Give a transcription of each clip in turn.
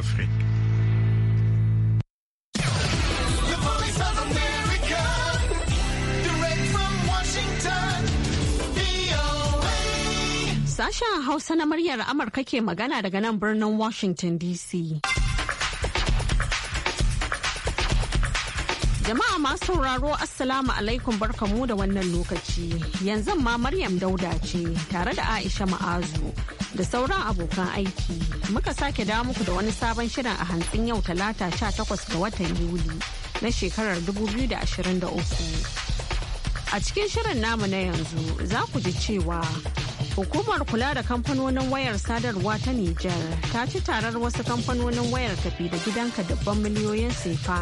Afrique. Sashen Hausa na muryar Amurka ke magana daga nan birnin Washington DC. Jama'a masu sauraro Assalamu alaikum barkamu da wannan lokaci. Yanzu ma Maryam Dauda ce tare da Aisha Ma'azu da sauran abokan aiki. Muka sake da muku da wani sabon shirin a hantsin yau talata 18 ga watan Yuli na shekarar 2023. A cikin shirin namu na yanzu za ku ji cewa Hukumar kula da kamfanonin wayar sadarwa ta Nijar ta ci tarar wasu kamfanonin wayar tafi da gidanka dabban miliyoyin sefa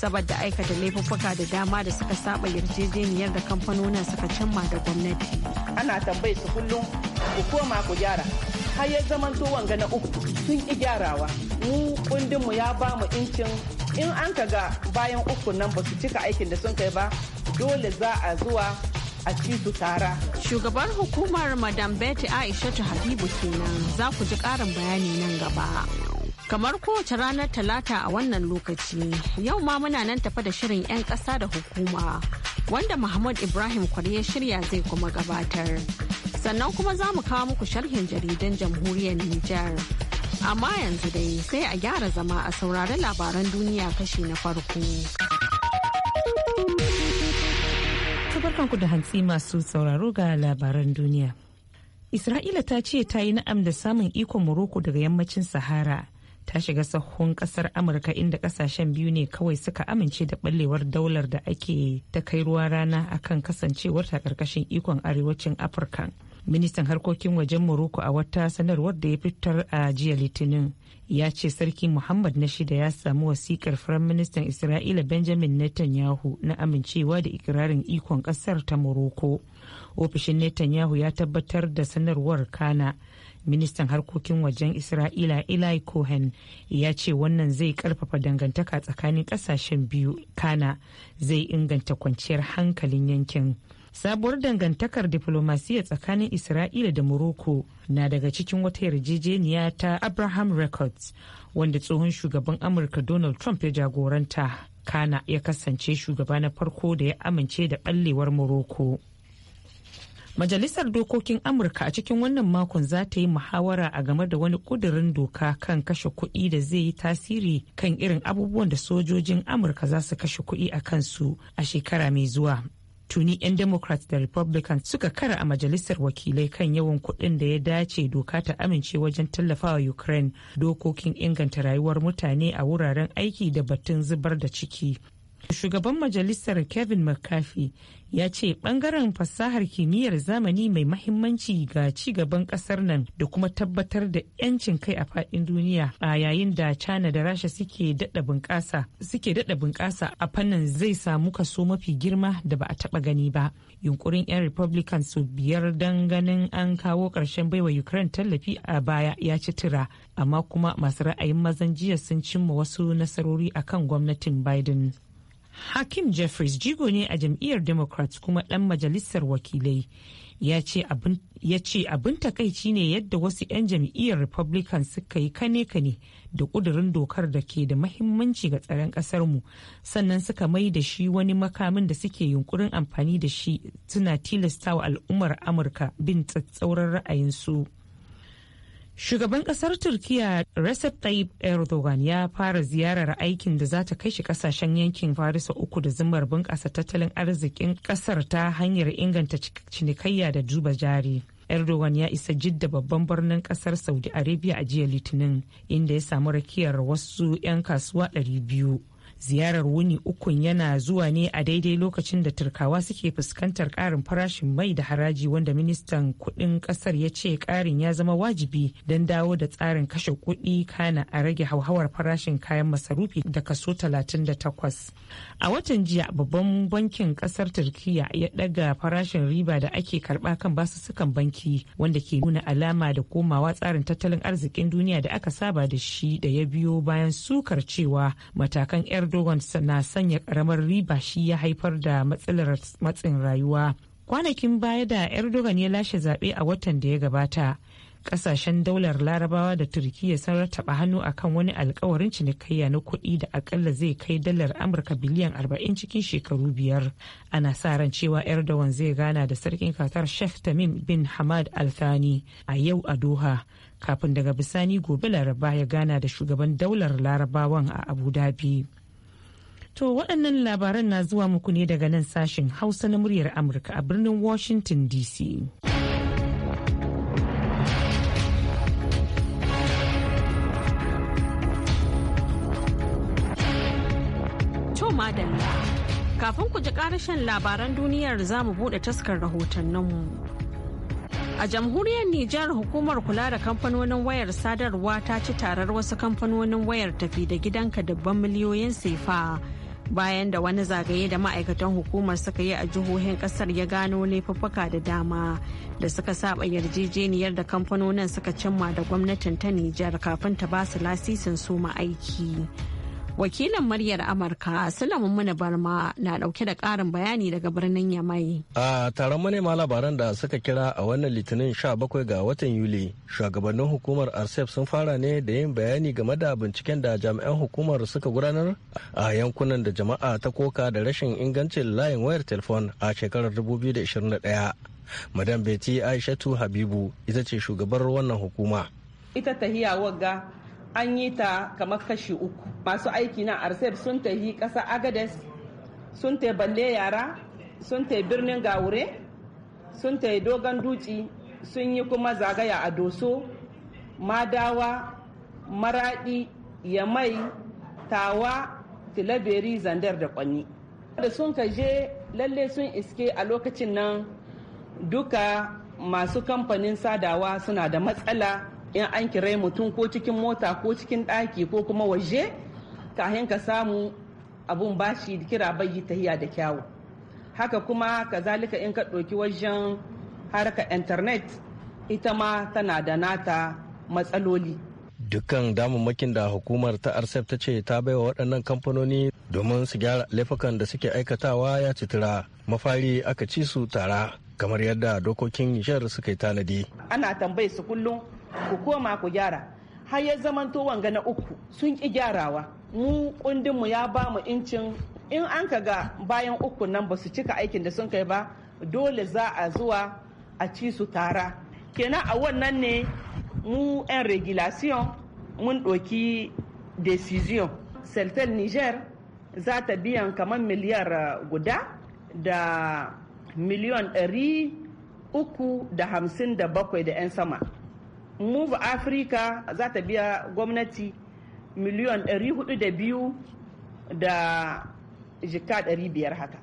saboda aikata laifuffuka da dama da suka saba yarjejeniyar da kamfanonin suka cimma da gwamnati. Ana tambayi su kullum ku koma ku gyara. Har ya zamanto wanga na uku sun ki gyarawa. Mu kundinmu ya ba mu incin in an ka ga bayan uku nan ba su cika aikin da sun kai ba dole za a zuwa a ci su tara. Shugabar hukumar Madam Betty Aishatu Habibu kenan za ku ji karin bayani nan gaba. Kamar kowace ranar Talata a wannan lokaci, yau ma muna nan tafa da shirin 'yan ƙasa da hukuma wanda Muhammad Ibrahim ya shirya zai kuma gabatar. Sannan kuma za mu kawo muku sharhin jaridan jamhuriyar Nijar. Amma yanzu dai sai a gyara zama a saurari labaran duniya kashi na farko. barkanku da hantsi masu sauraro ga labaran duniya. Isra'ila ta ce ta yi na'am da samun ikon Morocco daga yammacin Sahara ta shiga sahun kasar amurka inda kasashen biyu ne kawai suka amince da ɓallewar daular da ake ta kai ruwa rana akan kasancewar ta karkashin ikon arewacin afirka ministan harkokin wajen morocco a wata sanarwar da ya fitar a jiya litinin ya ce sarki muhammad na shida ya samu wasikar firayim ministan isra'ila benjamin netanyahu na amincewa da ikirarin ikon kasar ta morocco ofishin netanyahu ya tabbatar da sanarwar kana ministan harkokin wajen isra'ila eli cohen ya ce wannan zai karfafa dangantaka tsakanin kasashen biyu kana zai inganta kwanciyar hankalin yankin sabuwar dangantakar diflomasiyya tsakanin isra'ila da morocco na daga cikin wata yarjejeniya ta abraham records wanda tsohon shugaban amurka donald trump ya jagoranta kana ya kasance shugaba na farko da ya amince da ɓallewar morocco Majalisar Dokokin Amurka a cikin wannan makon za ta yi muhawara a game da wani ƙudurin doka kan kashe kuɗi da zai yi tasiri kan irin abubuwan da sojojin Amurka za su kashe kuɗi a kansu a shekara mai zuwa. Tuni 'yan Democrats da Republicans suka kara a majalisar wakilai kan yawan kuɗin da ya dace doka ta amince wajen tallafawa Ukraine dokokin inganta rayuwar mutane a wuraren aiki da batun zubar da ciki. Shugaban majalisar Kevin McCarthy ya ce bangaren fasahar kimiyyar zamani mai mahimmanci ga ci gaban kasar nan da kuma tabbatar da 'yancin kai a fadin duniya a yayin da China da Rasha suke dada bunƙasa a fannin zai samu kaso mafi girma da ba a taba gani ba. Yunkurin 'yan Republican su biyar dan ganin an kawo ƙarshen baiwa Ukraine tallafi a baya ya ci tura, amma kuma masu ra'ayin mazan jiya sun cimma wasu nasarori akan gwamnatin Biden. Hakim Jeffries jigo ne a jam'iyyar Democrats kuma ɗan majalisar wakilai. ya ce abin takaici ne yadda wasu 'yan jam'iyyar republicans suka yi kane-kane da ƙudurin dokar da ke da mahimmanci ga tsaron ƙasarmu sannan suka mai da shi wani makamin da suke yunkurin amfani da shi suna wa al'ummar amurka bin tsatsauran ra'ayinsu. su Shugaban kasar Turkiya Recep Tayyip Erdogan ya fara ziyarar aikin da zata kai shi kasashen yankin Farisa uku da zumar bunƙasa tattalin arzikin kasar ta hanyar inganta cinikayya da duba jari. Erdogan ya isa jidda babban birnin kasar Saudi Arabia a jiya Litinin inda ya samu rakiyar wasu 'yan kasuwa 200. ziyarar wuni ukun yana zuwa ne a daidai lokacin da turkawa suke fuskantar karin farashin mai da haraji wanda ministan kudin kasar ya ce karin ya zama wajibi don dawo da tsarin kashe kudi kana a rage hauhawar farashin kayan masarufi da kaso 38 a watan jiya babban bankin kasar turkiya ya daga farashin riba da ake karba kan basussukan banki wanda ke nuna alama da komawa tsarin tattalin arzikin duniya da aka saba da shi da ya biyo bayan sukar cewa matakan 'yar erdogan na sanya karamar riba shi ya haifar da matsalar matsin rayuwa kwanakin baya da erdogan ya lashe zaɓe a watan da ya gabata ƙasashen daular larabawa da turkiyya sun rattaba hannu akan wani alkawarin cinikayya na kuɗi da akalla zai kai dalar amurka biliyan arba'in cikin shekaru biyar ana sa ran cewa erdogan zai gana da sarkin qatar sheikh tamim bin hamad Thani a yau a doha kafin daga bisani gobe laraba ya gana da shugaban daular larabawan a abu dhabi To waɗannan labaran na zuwa muku ne daga nan sashen Hausa na muryar Amurka a birnin Washington DC. madalla kafin ku ji karashen labaran duniyar za mu buɗe taskar rahotanninmu. A jamhuriyar Nijar hukumar kula da kamfanonin wayar sadarwa ta ci tarar wasu kamfanonin wayar tafi da gidanka dabban miliyoyin sefa bayan da wani zagaye da ma'aikatan hukumar suka yi a jihohin kasar ya gano laifuffuka da dama da suka saba yarjejeniyar da kamfanonin suka cimma da gwamnatin ta Nijar kafin ta ba su lasisin su aiki. wakilin muryar amurka sulaiman mana barma na dauke da karin bayani daga birnin yamai a taron manema labaran da suka kira a wannan litinin 17 ga watan yuli shugabannin hukumar arsef sun fara ne da yin bayani game da binciken da jami'an hukumar suka gudanar a yankunan da jama'a ta koka da rashin ingancin layin wayar telefon a shekarar 2021 madam beti aishatu habibu ita ce shugabar wannan hukuma ita ta tahiya wagga an yi ta kamar kashi uku masu aiki na arsef sun tafi ƙasa agades sun ta balle yara sun ta birnin gawure sun ta dogon duci sun yi kuma zagaya a doso madawa maraɗi yamai tawa tilaberi zandar da kwanni. da sun ka je lalle sun iske a lokacin nan duka masu kamfanin sadawa suna da matsala in an kirai mutum ko cikin mota ko cikin ɗaki ko kuma waje kahin ka samu abun bashi kira bai tahiya da kyawu haka kuma kazalika in ka ɗauki wajen harka intanet ita ma tana da nata matsaloli dukkan damammakin da hukumar ta arsef ta ce ta baiwa waɗannan kamfanoni domin su gyara laifukan da suke aikatawa ya citira mafari aka ci su tara kamar yadda dokokin nishar suka yi tanadi ana tambayi su kullum ku koma ku gyara har ya zamanto wanga na uku sun ki gyarawa mu kundinmu ya ba mu incin in an ka ga bayan uku nan ba su cika aikin da sun kai ba dole za a zuwa a ci su tara kenan a wannan ne mu 'yan regulation mun ɗoki decision celtel niger za ta biyan kamar miliyar uh, guda da miliyan 357 da 'yan sama move africa za ta biya gwamnati miliyon 402 da jika 500 haka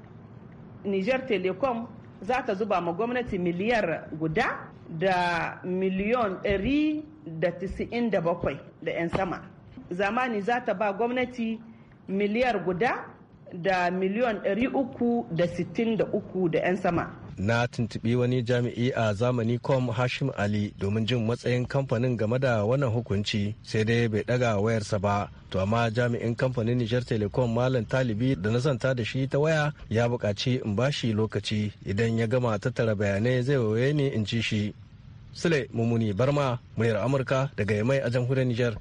niger telecom za ta zuba ma gwamnati miliyar guda da miliyon 197 da 'yan sama zamani za ta ba gwamnati miliyar guda da miliyon 363 da 'yan sama na tuntubi wani jami'i a zamani com hashim ali domin jin matsayin kamfanin game da wannan hukunci sai dai bai ɗaga wayarsa ba to amma jami'in kamfanin nijar telecom malam talibi da na santa da shi ta waya ya buƙaci in bashi lokaci idan ya gama tattara bayanai zai waye ni in ci shi sule barma muryar amurka daga yamai a jamhuriyar nijar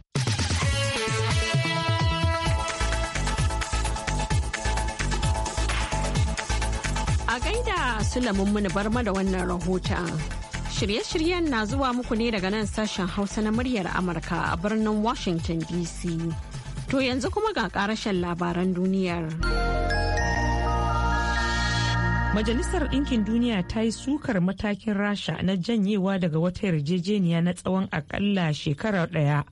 Sulaiman muni bar da wannan rahoton. Shirye-shiryen na zuwa muku ne daga nan sashen Hausa na muryar Amurka a birnin Washington DC. To yanzu kuma ga karashen labaran duniyar. Majalisar Ɗinkin Duniya ta yi sukar matakin Rasha na janyewa daga wata yarjejeniya na tsawon aƙalla shekara ɗaya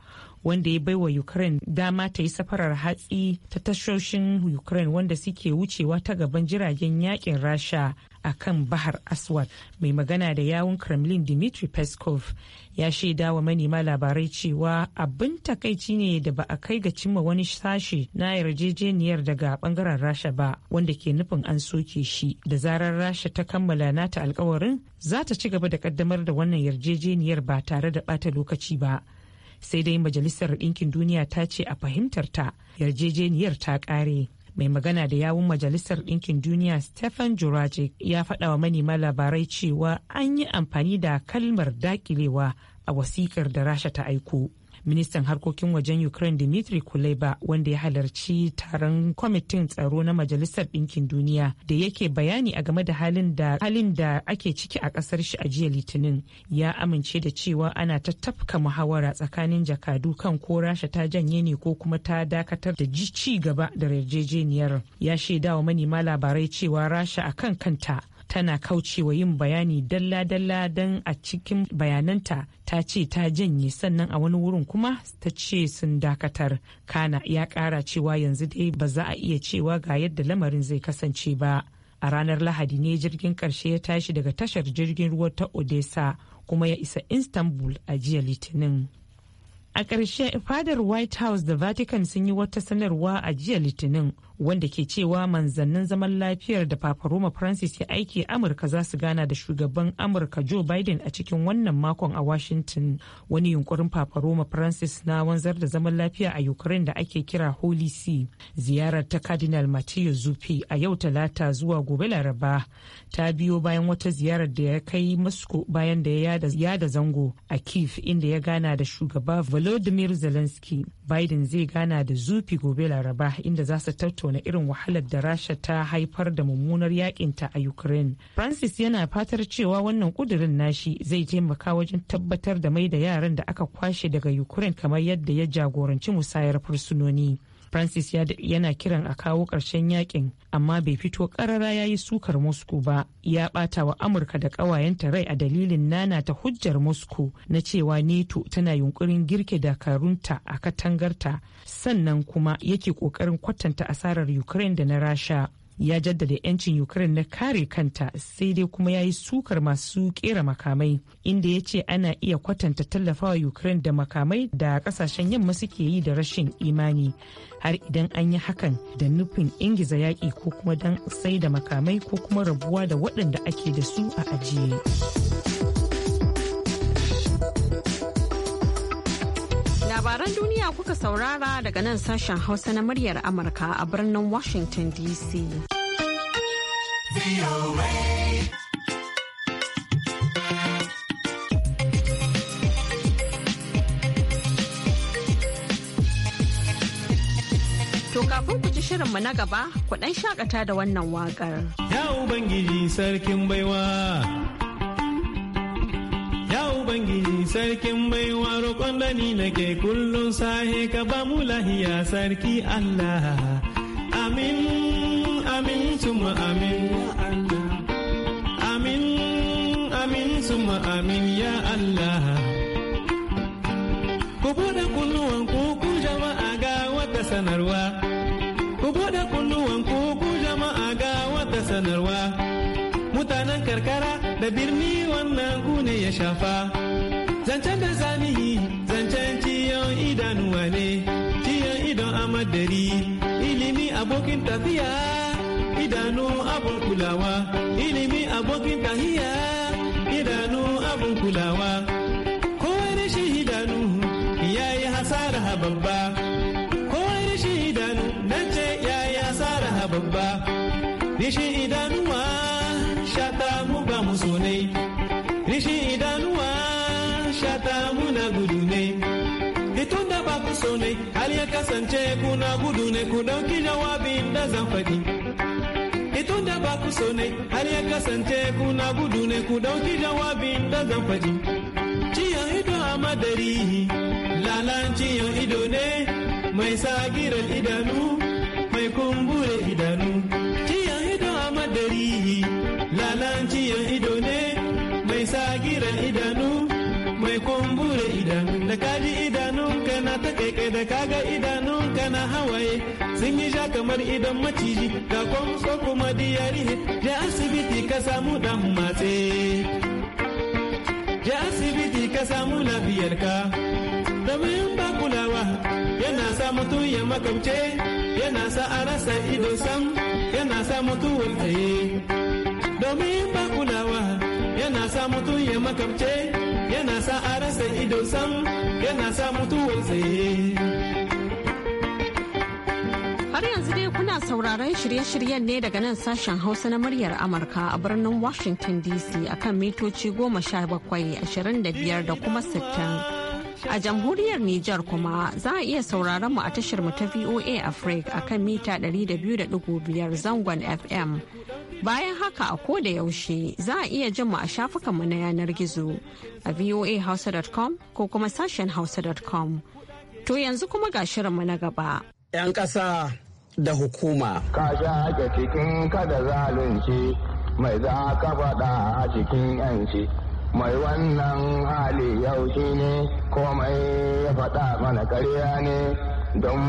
wanda ya baiwa ukraine dama ta yi safarar hatsi ta tashoshin ukraine wanda suke wucewa ta gaban jiragen yakin rasha a kan bahar aswad mai magana da yawun kremlin dmitry peskov ya shaida wa manema labarai cewa abin takaici ne da ba a kai ga cimma wani sashe na yarjejeniyar daga bangaren rasha ba wanda ke nufin an soke shi da zarar rasha ta kammala nata alkawarin za ta ci gaba da kaddamar da wannan yarjejeniyar ba tare da bata lokaci ba sai dai majalisar ɗinkin duniya ta ce a fahimtar ta yarjejeniyar ta ƙare mai magana da yawun majalisar ɗinkin duniya stephen jurajic ya faɗa wa manema labarai cewa an yi amfani da kalmar dakilewa a wasikar da rasha ta aiko ministan harkokin wajen ukraine dimitri kuleba wanda ya halarci taron kwamitin tsaro na majalisar ɗinkin duniya da yake bayani a game da halin da ake ciki a ƙasar shi a jiya litinin ya amince da cewa ana ta tafka muhawara tsakanin jakadu kan ko rasha ta janye ne ko kuma ta dakatar da ci gaba da yarjejeniyar ya shaidawa manema labarai cewa rasha a kan kanta tana kaucewa yin bayani dalla-dalla don a cikin bayananta ta ce ta janye sannan a wani wurin kuma ta ce sun dakatar kana ya kara cewa yanzu dai ba za a iya cewa ga yadda lamarin zai kasance ba a ranar lahadi ne jirgin karshe ya tashi daga tashar jirgin ruwa ta odessa kuma ya isa istanbul a jiya litinin a ƙarshe fadar white house da vatican sun yi wata sanarwa a jiya litinin wanda ke cewa manzannin zaman lafiyar da Papa Roma Francis ya aiki Amurka za su gana da shugaban Amurka Joe Biden a cikin wannan makon a Washington wani yunkurin Papa Roma Francis na wanzar da zaman lafiya a Ukraine da ake kira Holy See. Ziyarar ta Cardinal Matteo Zuppi a yau Talata zuwa gobe Laraba ta biyo bayan wata ziyarar da ya kai Moscow bayan da ya yada zango a Kiev inda ya gana da shugaba Volodymyr Zelensky. Biden zai gana da Zuppi gobe Laraba inda za su tattauna tattauna irin wahalar da rasha ta haifar da mummunar yakinta a ukraine francis yana fatar cewa wannan kudirin nashi zai taimaka wajen tabbatar da mai da yaran da aka kwashe daga ukraine kamar yadda ya jagoranci musayar fursunoni francis yana kiran a kawo ƙarshen yakin amma bai fito ƙarara ya yi sukar moscow ba ya ɓata wa amurka da ƙawayenta rai a dalilin nana ta hujjar moscow na cewa nato tana yunkurin girke dakarunta a katangarta sannan kuma yake ƙoƙarin kwatanta asarar ukraine da na rasha ya jaddada 'yancin ukraine na kare kanta sai dai kuma ya yi sukar masu kera makamai inda ya ce ana iya kwatanta tallafawa ukraine da makamai da kasashen yamma suke yi da rashin imani har idan an yi hakan da nufin ingiza yaƙi ko kuma don sai da makamai ko kuma rabuwa da waɗanda ake da su a ajiye. Labaran duniya kuka saurara daga nan sashen Hausa na muryar Amurka a birnin Washington DC. To kafin ku ji mu na gaba, ku ɗan shakata da wannan waƙar. Ya Ubangiji sarkin baiwa. sarkin baiwa roƙon da ni nake kullum sahe ka ba mu lahiya sarki Allah. Amin, amin, suma amin, amin, amin, suma amin, ya Allah. Ku buɗe kunnuwan ku jama'a ga wata sanarwa. Ku buɗe kunnuwan ku jama'a ga wata sanarwa. Mutanen karkara da birni wannan ku ne ya shafa. zancen da zanihi zancen ciyon idan wane ciyon idan amadari ilimi abokin tafiya idanu abun kulawa ilimi abokin tahiya idanu abun kulawa kowai rishi idanu ya yi hasara babba kowai rishi idanu nan ce ya yi hasara babba rishi idanuwa shata mu ba mu sonai rishi idanu so ne har ya kasance kuna gudu ne ku dauki jawabin da zan faɗi itun da ba ku so ne har ya kasance kuna gudu ne ku dauki jawabin da zan faɗi ciyan ido a madari lalan ciyan ido ne mai sagirar idanu mai kumbure idanu kamar idan maciji ga kwamso kuma diyari je asibiti ka samu dan matse je asibiti ka samu lafiyarka domin ba kulawa yana sa mutum ya makamce yana sa a rasa ido sam yana sa mutuwar tsaye domin ba kulawa yana sa mutum ya makamce yana sa a rasa ido sam yana sa mutuwar tsaye sauraron shirye-shiryen ne daga nan sashen Hausa na muryar Amurka a birnin Washington DC akan mitoci goma sha bakwai ashirin da biyar da kuma sittin. A jamhuriyar Nijar kuma za a iya sauraron mu a tashar mu ta VOA Africa akan mita 200.5 zangon FM. Bayan haka a ko da yaushe za a iya jin mu a shafukanmu na yanar gizo a voahausa.com ko kuma sashen hausa.com. To yanzu kuma ga shirinmu na gaba. 'Yan ƙasa da hukuma. Ka sha ake cikin kada zalunci mai za ka faɗa a cikin yanci. Mai wannan hali yau shi ne komai ya faɗa mana karya ne don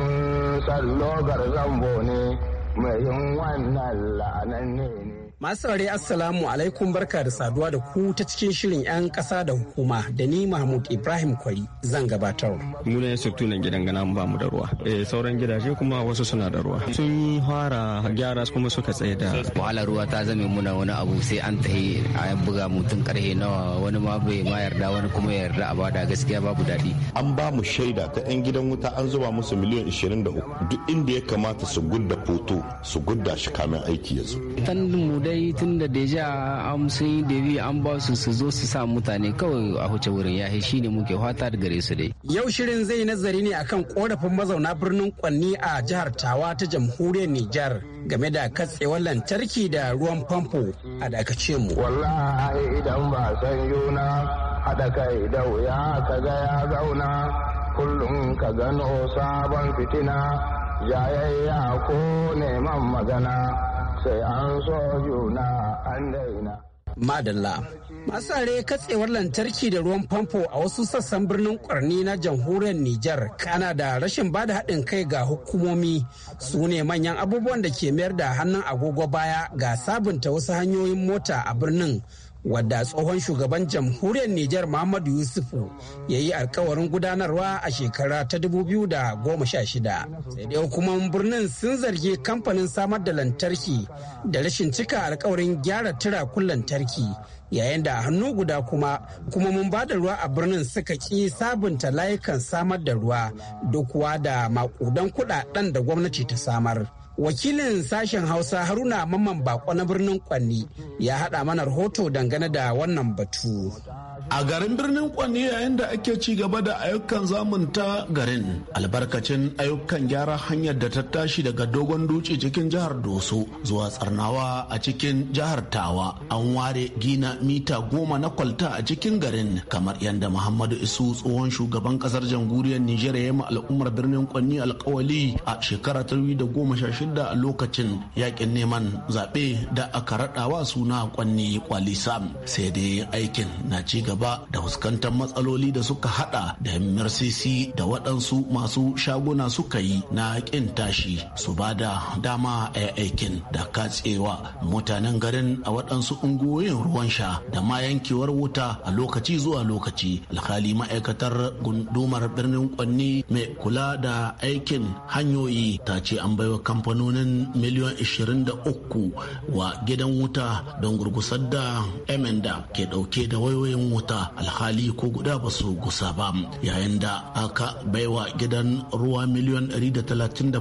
sallogar zambo ne mai yin wannan la'ananne ne. Masu saurare Assalamu alaikum barka da saduwa da ku ta cikin shirin 'yan kasa da hukuma da ni Mahmud Ibrahim Kwari zan gabatar. Mu ne nan gidan gana ba mu da ruwa. Eh, sauran gidaje kuma wasu suna da ruwa. Sun yi fara gyara kuma suka tsaye da. Wahala ruwa ta zame muna wani abu sai an tahi a buga mutum karhe nawa wani ma bai ma yarda wani kuma yarda a bada gaskiya babu daɗi. An ba mu shaida ta 'yan gidan wuta an zuba musu miliyan 23 duk inda ya kamata su gudda foto su gudda shi kamin aiki ya zo. dai tun da deja an sun yi debi an ba su su zo su sa mutane kawai a huce wurin ya shi ne muke fata da gare su dai. Yau shirin zai nazari ne akan korafin mazauna birnin Kwanni a jihar Tawa ta jamhuriyar Nijar game da katsewar lantarki da ruwan famfo a dakace mu. Wallahi idan ba san yuna haɗa kai da wuya ka ga ya zauna kullum ka gano sabon fitina jayayya ko neman magana. sai an so juna an daina. Madalla. katsewar lantarki da ruwan famfo a wasu sassan birnin kwarni na jamhuriyar Nijar kana da rashin bada haɗin kai ga hukumomi su ne manyan abubuwan da ke mayar da hannun agogo baya ga sabunta wasu hanyoyin mota a birnin wadda tsohon shugaban jamhuriyar Nijar Muhammadu Yusufu ya yi alkawarin gudanarwa a shekara ta 2016. Sai dai hukumar birnin sun zargi kamfanin samar da lantarki da rashin cika alkawarin gyara tirakun lantarki yayin da hannu guda kuma mun ba da ruwa a birnin suka ki sabunta layukan samar da ruwa duk da makudan kudaden da gwamnati ta samar. wakilin sashen hausa haruna mamman bako na birnin kwanni ya haɗa mana rahoto dangane da wannan batu a garin birnin Kwani yayin da ake ci gaba da ayyukan zamunta garin albarkacin ayyukan gyara hanyar da ta tashi daga dogon dutse cikin jihar Doso zuwa Tsarnawa a cikin jihar Tawa an ware gina mita goma na kwalta a cikin garin kamar yadda Muhammadu Isu tsohon shugaban kasar jamhuriyar Nijar ya yi al'ummar birnin Kwani alkawali a shekara ta shida a lokacin yakin neman zaɓe da aka raɗawa suna Kwanni Kwalisam sai dai aikin na ci gaba gaba da fuskantar matsaloli da suka hada da mrcc da waɗansu masu shaguna suka yi na ƙin tashi su ba da dama a aikin da katsewa mutanen garin a waɗansu unguwoyin ruwan sha da ma yankewar wuta a lokaci zuwa lokaci alhali ma'aikatar gundumar birnin kwanni mai kula da aikin hanyoyi ta ce an baiwa kamfanonin miliyan 23 wa gidan wuta don gurgusar da emenda ke ɗauke da wayoyin wuta wata alhali ko guda ba su gusa ba yayin da aka baiwa gidan ruwa miliyan 137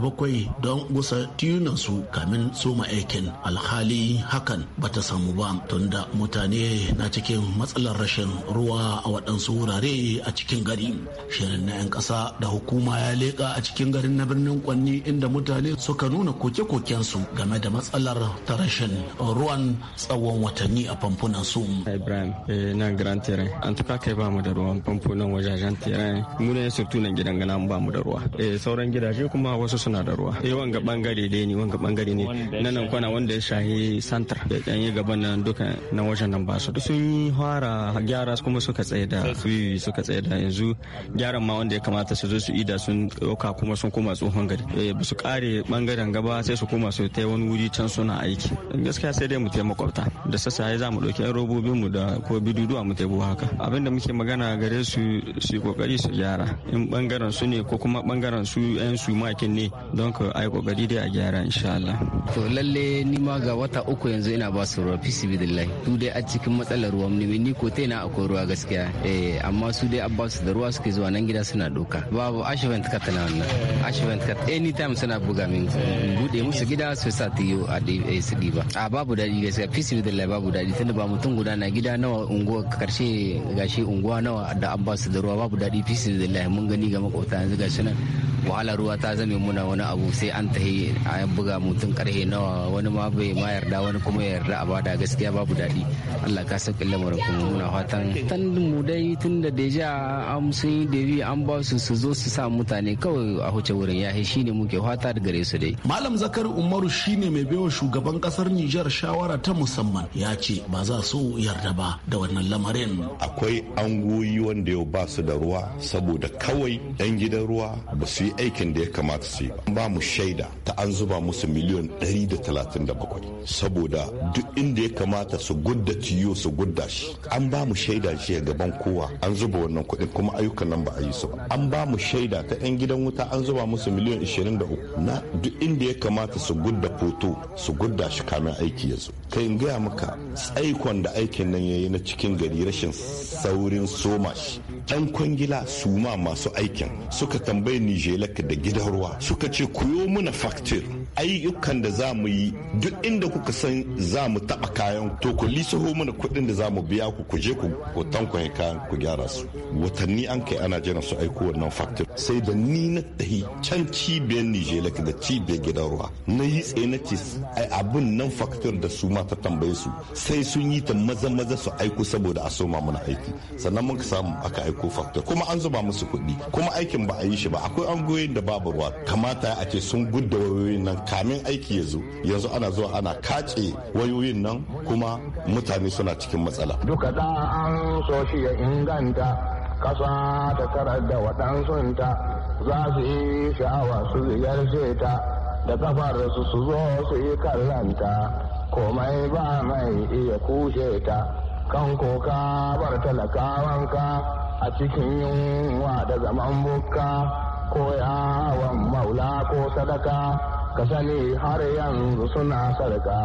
don gusa su kamin soma aikin alhali hakan bata samu ba tunda mutane na cikin matsalar rashin ruwa a waɗansu wurare a cikin gari shirin na 'yan ƙasa da hukuma ya leƙa a cikin garin na birnin kwanni inda mutane suka nuna koke koken su game da matsalar ta rashin ruwan tsawon watanni a famfunan su ibrahim eh, na grant tirai an tuka kai ba mu da ruwan famfo nan wajajen tirai mu ne surtu nan gidan gana mu ba mu da ruwa eh sauran gidaje kuma wasu suna da ruwa eh wanga bangare dai ne wanga bangare ne nan kwana wanda ya shahi santar da dan yi gaban nan duka na wajen nan ba su sun yi fara gyara kuma suka tsaye da wiwi suka tsaye da yanzu gyaran ma wanda ya kamata su zo su ida sun ɗauka kuma sun koma tsohon gari eh ba su kare bangaren gaba sai su koma su ta wani wuri can suna aiki gaskiya sai dai mu taimaka da sassa ya za mu ɗauki robobin mu da ko a mu taibu haka abin da muke magana gare su su kokari su gyara in bangaren su ne ko kuma bangaren su yan su makin ne don ka ai kokari dai a gyara insha Allah to lalle ni ma ga wata uku yanzu ina ba su ruwa fisi bidillahi su dai a cikin matsalar ruwa ne ni ko na akwai ruwa gaskiya eh amma su dai abba su da ruwa suke zuwa nan gida suna doka babu ashevent kat na wannan ashevent kat anytime suna buga min bude musu gida su sa tiyo a eh, su diba a babu dadi gaskiya fisi bidillahi babu dadi tunda ba mutum guda na gida nawa unguwa karshe gashi unguwa nawa da an ba su da ruwa babu daɗi fi su mun gani ga makwabta yanzu gashi nan wahalar ruwa ta zame muna wani abu sai an tahi a buga mutum karhe nawa wani ma bai ma yarda wani kuma ya yarda a bada gaskiya babu daɗi Allah ka sauƙi lamarin kuma muna fatan tan mu dai tun da deja an sun yi debi an ba su su zo su sa mutane kawai a huce wurin ya shi ne muke fata da gare su dai malam zakar umaru shine mai baiwa shugaban kasar Nijar shawara ta musamman ya ce ba za su yarda ba da wannan lamarin akwai angoyi wanda yau ba su da ruwa saboda kawai 'yan gidan ruwa ba su yi aikin da ya kamata su yi ba mu shaida ta an zuba musu miliyon 137 saboda duk inda ya kamata su gudda tiyo su gudda shi an ba mu shaida shi a gaban kowa an zuba wannan kuɗin kuma ayyukan nan ba a yi su ba an ba mu shaida ta 'yan gidan wuta an zuba musu miliyon 23 na duk inda ya kamata su gudda foto su gudda shi kamin aiki ya zo kai in gaya maka tsaikon da aikin nan ya yi na cikin gari rashin saurin soma shi Ɗan kwangila su ma masu aikin suka tambayi nijelaka da gidan ruwa suka ce kuyo muna faktir ayyukan da za mu yi duk inda kuka san za mu taɓa kayan to ku lisaho mana kuɗin da za mu biya ku ku je ku tanko kayan ku gyara su watanni an kai ana jira su aiko wannan factory sai da ni na tahi can cibiyar nijela da cibiyar gidan ruwa na yi tsaye na ce abin nan factory da su ma ta tambaye su sai sun yi ta maza maza su aiko saboda a soma mana aiki sannan muka samu aka aiko factory kuma an zuba musu kuɗi kuma aikin ba a yi shi ba akwai angoyin da babu ruwa kamata a ce sun gudda wayoyin nan kamin aiki ya zo yanzu ana zuwa ana kace wayoyin nan kuma mutane suna cikin matsala duka da an so shi ya inganta kasa ta tarar da waɗansunta za su yi sha'awa su ziyarce ta da kafar su su zo su yi kallanta komai ba mai iya kushe ta kan koka bar talakawanka a cikin yunwa da zaman bukka ko yawon maula ko sadaka ka sani har yanzu suna sarka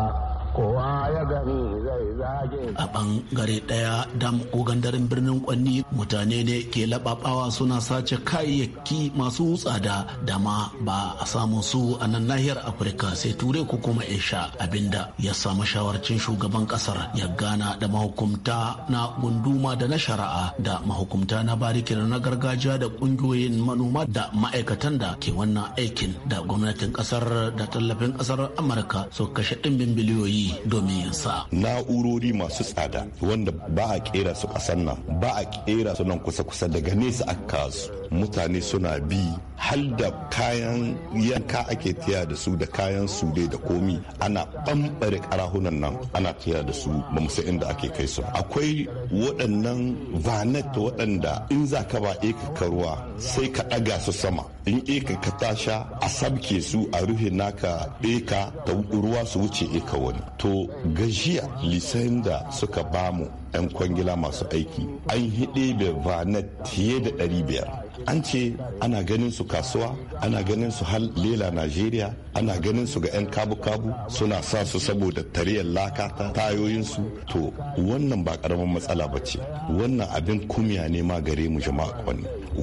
kowa ya gani zai zage. A bangare daya dam gandarin birnin Kwanni mutane ne ke lababawa suna sace kayayyaki masu tsada ma ba a samu su a nan nahiyar Afirka sai ture ko kuma isha abinda ya samu shawarcin shugaban kasar ya gana da mahukumta na gunduma da na shari'a da mahukumta na bariki na gargajiya da kungiyoyin manoma da ma'aikatan da ke wannan aikin da gwamnatin kasar da tallafin kasar Amurka su kashe dimbin biliyoyi domin yin sa. Na'urori masu tsada wanda ba a kera su kasan nan ba a kera su nan kusa-kusa daga nesa aka kasu mutane suna bi har da kayan yanka ake tiya da su da kayan sude da komi ana bambare karahunan nan ana tiya da su ba musa inda ake kai su akwai waɗannan vanet waɗanda in za ka ba eka karuwa ruwa sai ka ɗaga su sama in eka ka tasha a sabke su a ruhe naka eka ta ruwa su wuce eka wani to gajiya lisan da suka mu 'yan kwangila masu aiki an hide da vanet fiye da 500 an ce ana ganin su kasuwa ana ganin su har lela najeriya ana ganin su ga 'yan kabu-kabu suna sa su saboda tariyar laka ta tayoyinsu to wannan ba karamin matsala ba ce wannan abin kumya ne ma gare mu jama'a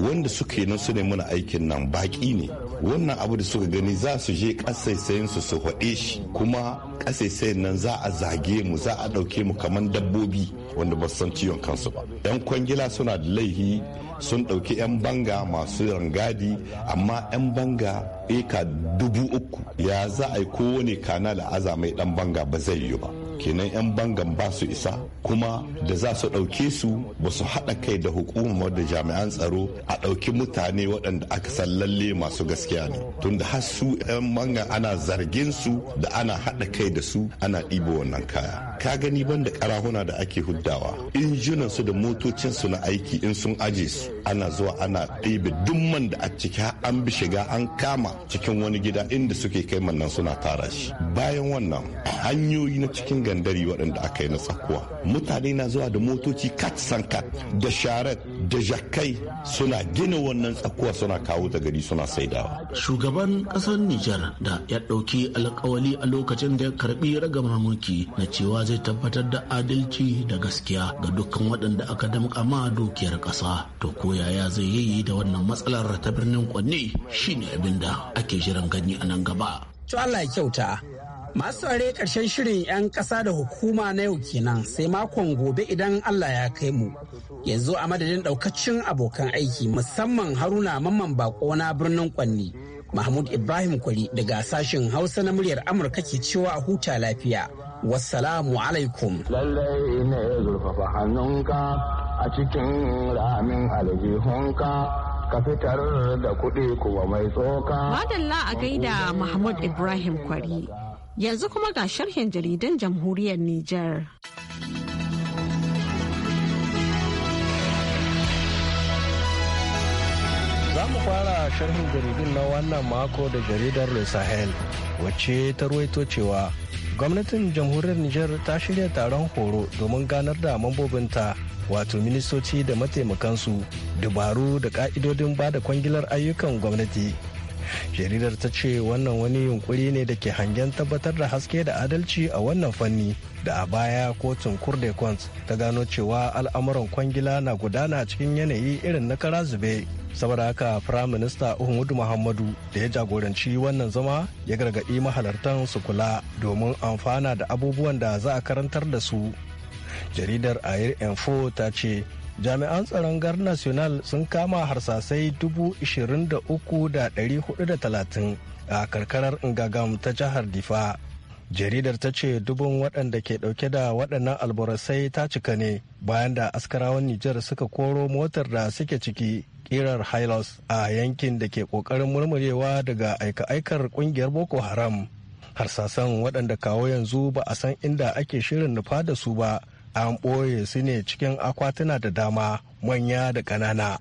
wanda suke nan su ne muna aikin nan baki ne wannan abu da suka gani za su je kasaisayin su su haɗe shi kuma kasaisayin nan za a zage mu za a ɗauke mu kamar dabbobi wanda ba san ciwon kansu ba yan kwangila suna da laihi sun ɗauki 'yan banga masu rangadi amma 'yan banga eka dubu uku ya za a yi kowane kana da aza mai dan banga ba zai yi ba kenan 'yan bangan ba su isa kuma da za su ɗauke su ba su haɗa kai da hukumar da jami'an tsaro a ɗauki mutane waɗanda aka san lalle masu gaskiya ne tunda har su 'yan bangan ana zargin su da ana haɗa kai da su ana ɗiba wannan kaya ka gani ban da karahuna da ake huddawa injunan su da motocin su na aiki in sun aje su ana zuwa ana ɗebe man da a ciki an bi shiga an kama cikin wani gida inda suke kai nan suna tara shi bayan wannan hanyoyi na cikin gandari waɗanda aka yi na tsakuwa mutane na zuwa da motoci kat sankat da sharat da jakai suna gina wannan tsakuwa suna kawo da gari suna saidawa shugaban ƙasar nijar da ya ɗauki alkawali a lokacin da ya karɓi ragamar mulki na cewa zai tabbatar da adalci da gaskiya ga dukkan waɗanda aka damƙa ma dukiyar ƙasa to ko yaya zai yi da wannan matsalar ta birnin kwanne shine abin da ake jiran gani a nan gaba to Allah ya kyauta Masu saurare ƙarshen shirin 'yan ƙasa da hukuma na yau kenan sai makon gobe idan Allah ya kai mu. Yanzu a madadin ɗaukacin abokan aiki musamman Haruna Mamman Bako na birnin Kwanni. Mahmud Ibrahim Kwari daga sashen Hausa na muryar Amurka ke cewa a huta lafiya. Wassalamu alaikum. Lallai hannunka a cikin ramin aljihunka. ka fitar da kuɗi kuwa mai tsoka. Madalla a gaida Mahmud Ibrahim Kwari. Yanzu kuma ga sharhin jaridan jamhuriyar Nijar. Za mu fara sharhin jaridun na wannan mako da jaridar Le Sahel, wacce ta ruwaito cewa gwamnatin jamhuriyar Nijar ta shirya taron horo domin ganar da mambobinta wato ministoci da mataimakansu dabaru da ka'idodin ba da kwangilar ayyukan gwamnati jaridar ta ce wannan wani yunkuri ne da ke hangen tabbatar da haske da adalci a wannan fanni da a baya kotun kurde kwant ta gano cewa al'amuran kwangila na gudana cikin yanayi irin na kara zube saboda haka firayim minista uhumudu muhammadu da ya jagoranci wannan zama ya gargaɗi mahalartan su kula domin amfana da abubuwan da za a karantar da su jaridar air info ta ce jami'an tsaron gar national sun kama harsasai 23,430 a karkarar ngagam ta jihar difa jaridar ta ce dubun waɗanda ke ɗauke da waɗannan alborasai ta cika ne bayan da askarawan nijar suka koro motar da suke ciki kirar hilos a yankin da ke ƙoƙarin murmurewa daga aika-aikar ƙungiyar boko haram harsasan waɗanda kawo yanzu ba a san inda ake shirin nufa da su ba an ɓoye su ne cikin akwatuna da dama manya da ƙanana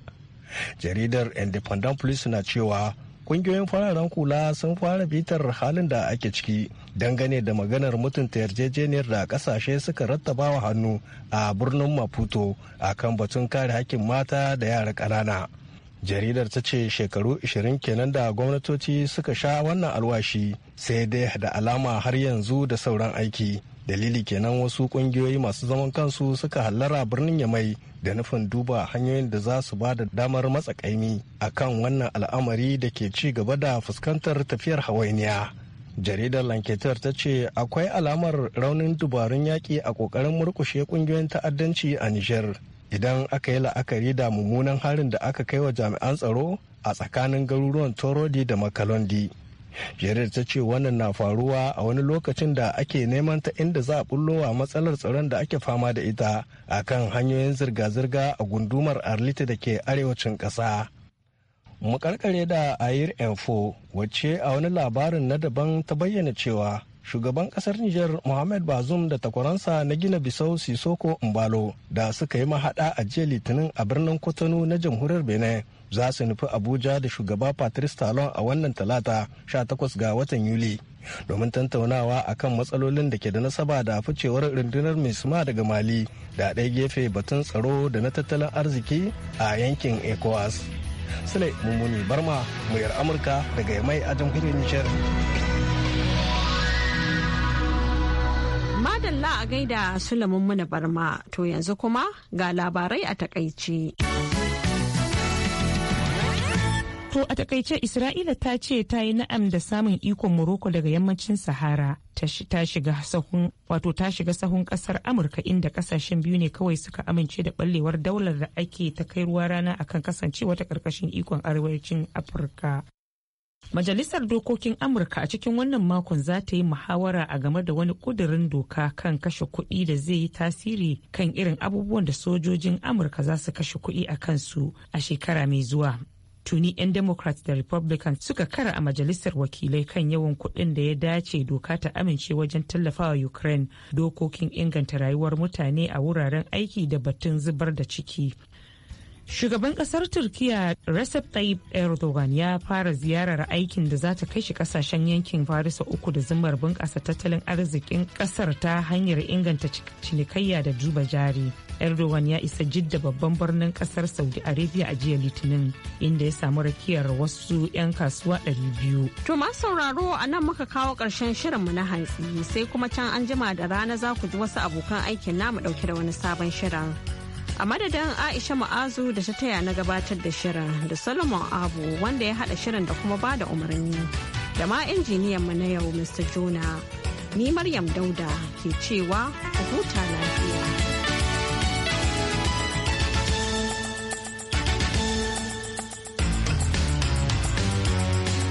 jaridar independent police na cewa ƙungiyoyin fararen kula sun fara bitar halin da ake ciki dangane da maganar mutunta yarjejeniyar da ƙasashe suka rattabawa hannu a birnin maputo a kan batun kare hakkin mata da yara ƙanana jaridar ta ce shekaru 20 kenan da gwamnatoci suka sha wannan alwashi sai dai da alama har yanzu da sauran aiki dalili kenan wasu kungiyoyi masu zaman kansu suka hallara birnin ya mai da nufin duba hanyoyin da za su ba da damar matsa-kaimi a kan wannan al'amari da ke ci gaba da fuskantar tafiyar hawainiya jaridar lanketar ta ce akwai alamar raunin dubarun yaƙi a ƙoƙarin murkushe ƙungiyoyin ta'addanci a nijar idan aka yi la'akari da mummunan harin da aka kai wa jami'an tsaro a tsakanin garuruwan torodi da makalondi jaridar ta ce wannan na faruwa a wani lokacin da ake neman ta inda za a bullowa matsalar tsaron da ake fama da ita a kan hanyoyin zirga-zirga a gundumar arlita da ke arewacin ƙasa mu karkare da ayir enfo wacce a wani labarin na daban ta bayyana cewa shugaban kasar Nijar Mohamed Bazoum da takwaransa na Gina Bisau Sisoko Mbalo da suka yi mahaɗa a jiya Litinin a birnin Kotonu na jamhuriyar Benin za su nufi Abuja da shugaba Patrice Talon a wannan talata 18 ga watan Yuli domin tantaunawa a kan matsalolin da ke da nasaba da ficewar rundunar Misma daga Mali da ɗaya gefe batun tsaro da na tattalin arziki a yankin ECOWAS. Sule Mummuni Barma, muryar Amurka daga Yamai a jamhuriyar Nijar. allah a gaida sulamin Muna Barma to yanzu kuma ga labarai a takaice. To a takaice Isra'ila ta ce ta yi na'am da samun ikon Morocco daga yammacin Sahara ta shiga sahun wato ta shiga sahun kasar Amurka inda kasashen biyu ne kawai suka amince da ballewar daular da ake ta kai ruwa rana akan kasancewa ta karkashin ikon arewacin Afirka. Majalisar Dokokin Amurka a cikin wannan makon za ta yi muhawara a game da wani ƙudurin doka kan kashe kuɗi da zai yi tasiri kan irin abubuwan da sojojin Amurka za su kashe kuɗi a kansu a shekara mai zuwa. Tuni 'yan Democrats da Republicans suka kara a Majalisar Wakilai kan yawan kuɗin da ya dace doka ta amince wajen tallafawa Ukraine dokokin inganta rayuwar mutane a wuraren aiki da batun zubar da ciki. Shugaban kasar Turkiya Recep Tayyip Erdogan ya fara ziyarar aikin da za ta kai shi kasashen yankin Farisa uku da zumar bunƙasa tattalin arzikin kasar ta hanyar inganta cinikayya da duba jari. Erdogan ya isa jidda babban birnin kasar Saudi Arabia a jiya Litinin inda ya samu rakiyar wasu 'yan kasuwa 200. To masu sauraro a nan muka kawo ƙarshen mu na hantsi sai kuma can an jima da rana za ku ji wasu abokan aikin namu ɗauke da wani sabon shirin. a madadin aisha ma'azu da ta taya na gabatar da shirin da solomon abu wanda ya haɗa shirin da kuma ba da umarni da ma injiniyan mu na yau mr jona ni maryam dauda ke cewa ku huta lafiya